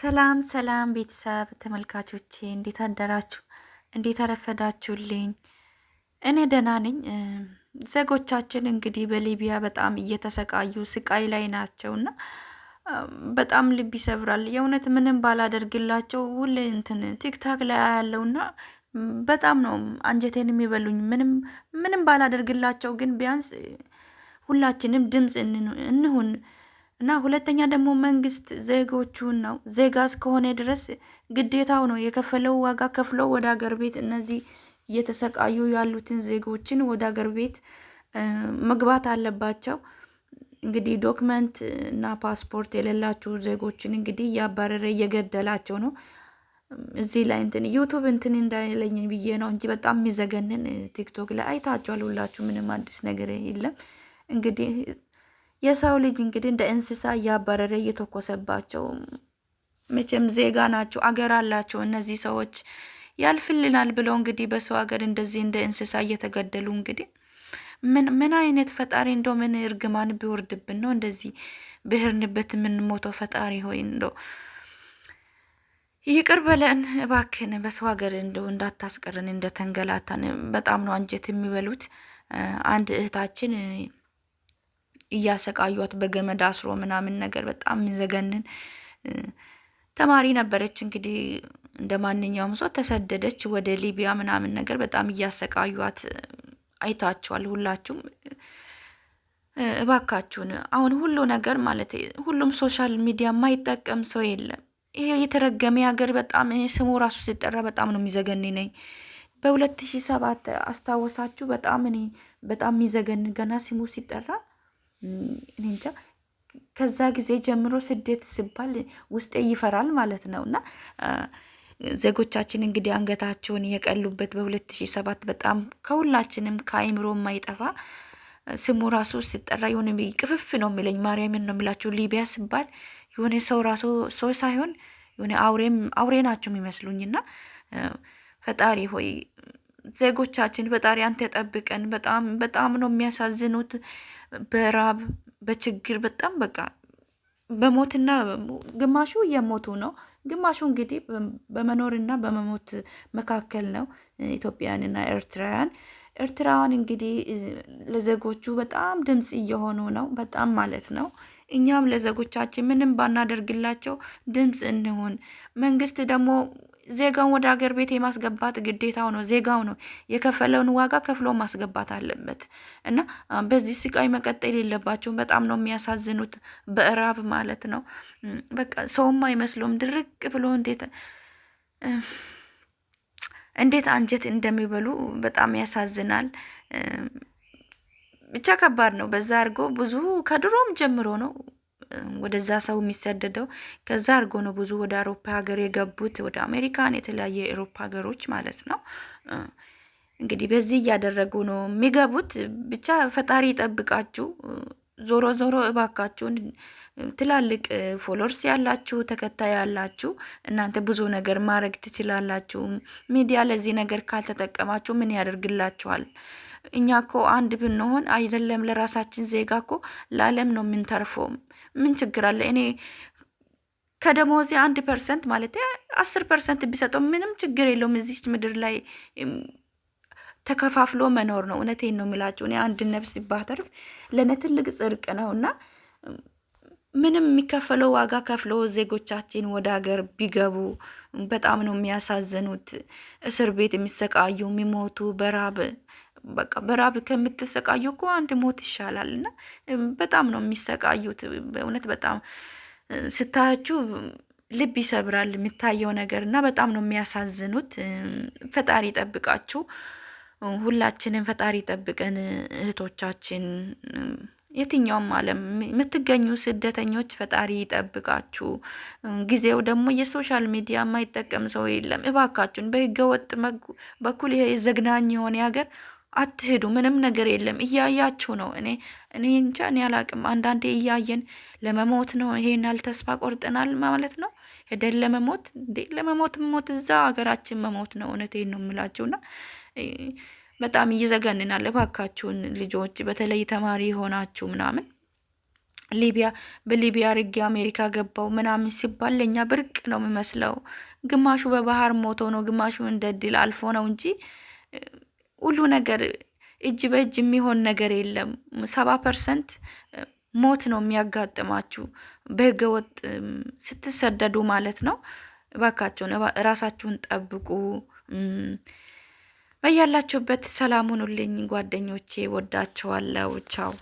ሰላም ሰላም ቤተሰብ ተመልካቾቼ እንዴት አደራችሁ? እንዴት አረፈዳችሁልኝ? እኔ ደህና ነኝ። ዜጎቻችን እንግዲህ በሊቢያ በጣም እየተሰቃዩ ስቃይ ላይ ናቸው እና በጣም ልብ ይሰብራል። የእውነት ምንም ባላደርግላቸው ውል እንትን ቲክታክ ላይ ያለውና በጣም ነው አንጀቴን የሚበሉኝ። ምንም ምንም ባላደርግላቸው ግን ቢያንስ ሁላችንም ድምፅ እንሁን እና ሁለተኛ ደግሞ መንግስት ዜጎቹን ነው ዜጋ እስከሆነ ድረስ ግዴታው ነው የከፈለው ዋጋ ከፍሎ ወደ ሀገር ቤት እነዚህ እየተሰቃዩ ያሉትን ዜጎችን ወደ ሀገር ቤት መግባት አለባቸው። እንግዲህ ዶክመንት እና ፓስፖርት የሌላችሁ ዜጎችን እንግዲህ እያባረረ እየገደላቸው ነው። እዚህ ላይ እንትን ዩቱብ እንትን እንዳይለኝ ብዬ ነው እንጂ በጣም የሚዘገንን ቲክቶክ ላይ አይታችኋል ሁላችሁ። ምንም አዲስ ነገር የለም እንግዲህ የሰው ልጅ እንግዲህ እንደ እንስሳ እያባረረ እየተኮሰባቸው መቼም ዜጋ ናቸው፣ አገር አላቸው። እነዚህ ሰዎች ያልፍልናል ብለው እንግዲህ በሰው ሀገር እንደዚህ እንደ እንስሳ እየተገደሉ እንግዲህ ምን ምን አይነት ፈጣሪ እንደው ምን እርግማን ቢወርድብን ነው እንደዚህ ብሄርንበት የምንሞተው? ፈጣሪ ሆይ እንደው ይቅር በለን እባክን። በሰው ሀገር እንደ እንዳታስቀርን እንደተንገላታን በጣም ነው አንጀት የሚበሉት። አንድ እህታችን እያሰቃዩት በገመድ አስሮ ምናምን ነገር በጣም የሚዘገንን ተማሪ ነበረች። እንግዲህ እንደ ማንኛውም ሰው ተሰደደች ወደ ሊቢያ ምናምን ነገር በጣም እያሰቃዩት አይታችኋል ሁላችሁም። እባካችሁን አሁን ሁሉ ነገር ማለት ሁሉም ሶሻል ሚዲያ የማይጠቀም ሰው የለም። ይሄ የተረገመ ሀገር በጣም ስሙ ራሱ ሲጠራ በጣም ነው የሚዘገን ነኝ። በሁለት ሺህ ሰባት አስታወሳችሁ? በጣም እኔ በጣም የሚዘገን ገና ስሙ ሲጠራ እኔ እንጃ ከዛ ጊዜ ጀምሮ ስደት ሲባል ውስጤ ይፈራል ማለት ነው እና ዜጎቻችን እንግዲህ አንገታቸውን የቀሉበት በ 207 በጣም ከሁላችንም ከአይምሮ የማይጠፋ ስሙ ራሱ ሲጠራ የሆነ ቅፍፍ ነው የሚለኝ። ማርያምን ነው የሚላችሁ። ሊቢያ ሲባል የሆነ ሰው ራሱ ሰው ሳይሆን የሆነ አውሬ ናቸው የሚመስሉኝ እና ፈጣሪ ሆይ ዜጎቻችን ፈጣሪ አንተ ጠብቀን። በጣም በጣም ነው የሚያሳዝኑት። በራብ በችግር በጣም በቃ በሞትና ግማሹ እየሞቱ ነው፣ ግማሹ እንግዲህ በመኖርና በመሞት መካከል ነው። ኢትዮጵያውያንና ኤርትራውያን ኤርትራውያን እንግዲህ ለዜጎቹ በጣም ድምፅ እየሆኑ ነው። በጣም ማለት ነው። እኛም ለዜጎቻችን ምንም ባናደርግላቸው ድምፅ እንሁን። መንግስት ደግሞ ዜጋውን ወደ ሀገር ቤት የማስገባት ግዴታው ነው። ዜጋው ነው የከፈለውን ዋጋ ከፍሎ ማስገባት አለበት እና በዚህ ስቃይ መቀጠል የለባቸውም። በጣም ነው የሚያሳዝኑት፣ በእራብ ማለት ነው። በቃ ሰውም አይመስሉም። ድርቅ ብሎ እንዴት እንዴት አንጀት እንደሚበሉ በጣም ያሳዝናል። ብቻ ከባድ ነው። በዛ አድርጎ ብዙ ከድሮም ጀምሮ ነው ወደዛ ሰው የሚሰደደው ከዛ አድርጎ ነው ብዙ ወደ አውሮፓ ሀገር የገቡት ወደ አሜሪካን፣ የተለያየ የአውሮፓ ሀገሮች ማለት ነው። እንግዲህ በዚህ እያደረጉ ነው የሚገቡት። ብቻ ፈጣሪ ይጠብቃችሁ። ዞሮ ዞሮ እባካችሁን ትላልቅ ፎሎርስ ያላችሁ ተከታይ ያላችሁ እናንተ ብዙ ነገር ማድረግ ትችላላችሁ። ሚዲያ ለዚህ ነገር ካልተጠቀማችሁ ምን ያደርግላችኋል? እኛ ኮ አንድ ብንሆን አይደለም ለራሳችን ዜጋ ኮ ለዓለም ነው የምንተርፈውም። ምን ችግር አለ? እኔ ከደሞዜ አንድ ፐርሰንት ማለት አስር ፐርሰንት ቢሰጠው ምንም ችግር የለውም። እዚች ምድር ላይ ተከፋፍሎ መኖር ነው። እውነቴን ነው የሚላቸው። እኔ አንድ ነብስ ባተርፍ ለእኔ ትልቅ ጽድቅ ነው እና ምንም የሚከፈለው ዋጋ ከፍለው ዜጎቻችን ወደ ሀገር ቢገቡ በጣም ነው የሚያሳዝኑት። እስር ቤት የሚሰቃዩ የሚሞቱ በራብ በቃ በራብ ከምትሰቃዩ እኮ አንድ ሞት ይሻላል። እና በጣም ነው የሚሰቃዩት። በእውነት በጣም ስታያችሁ ልብ ይሰብራል የሚታየው ነገር እና በጣም ነው የሚያሳዝኑት። ፈጣሪ ጠብቃችሁ ሁላችንም ፈጣሪ ጠብቀን እህቶቻችን የትኛውም ዓለም የምትገኙ ስደተኞች ፈጣሪ ይጠብቃችሁ። ጊዜው ደግሞ የሶሻል ሚዲያ የማይጠቀም ሰው የለም። እባካችሁን በህገወጥ በኩል ይሄ ዘግናኝ የሆነ ሀገር አትሄዱ፣ ምንም ነገር የለም፣ እያያችሁ ነው። እኔ እኔ እንጃ እኔ አላቅም። አንዳንዴ እያየን ለመሞት ነው ይሄን ያህል ተስፋ ቆርጠናል ማለት ነው ሄደን ለመሞት እንዴ ለመሞት ሞት እዛ ሀገራችን መሞት ነው። እውነቴን ነው የምላችሁና በጣም ይዘገንናል። እባካችሁን ልጆች፣ በተለይ ተማሪ ሆናችሁ ምናምን ሊቢያ በሊቢያ ርጌ አሜሪካ ገባው ምናምን ሲባል ለእኛ ብርቅ ነው የሚመስለው። ግማሹ በባህር ሞቶ ነው፣ ግማሹ እንደ ድል አልፎ ነው እንጂ ሁሉ ነገር እጅ በእጅ የሚሆን ነገር የለም። ሰባ ፐርሰንት ሞት ነው የሚያጋጥማችሁ በህገወጥ ስትሰደዱ ማለት ነው። እባካችሁን ራሳችሁን ጠብቁ። በያላችሁበት ሰላም ሁኑልኝ ጓደኞቼ። ወዳችኋለሁ። ቻው